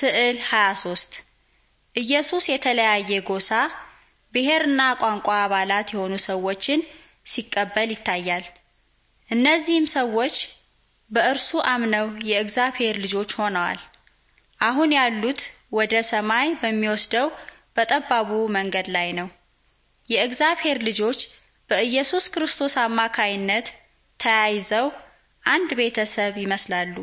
ስዕል 23 ኢየሱስ የተለያየ ጎሳ፣ ብሔርና ቋንቋ አባላት የሆኑ ሰዎችን ሲቀበል ይታያል። እነዚህም ሰዎች በእርሱ አምነው የእግዚአብሔር ልጆች ሆነዋል። አሁን ያሉት ወደ ሰማይ በሚወስደው በጠባቡ መንገድ ላይ ነው። የእግዚአብሔር ልጆች በኢየሱስ ክርስቶስ አማካይነት ተያይዘው አንድ ቤተሰብ ይመስላሉ።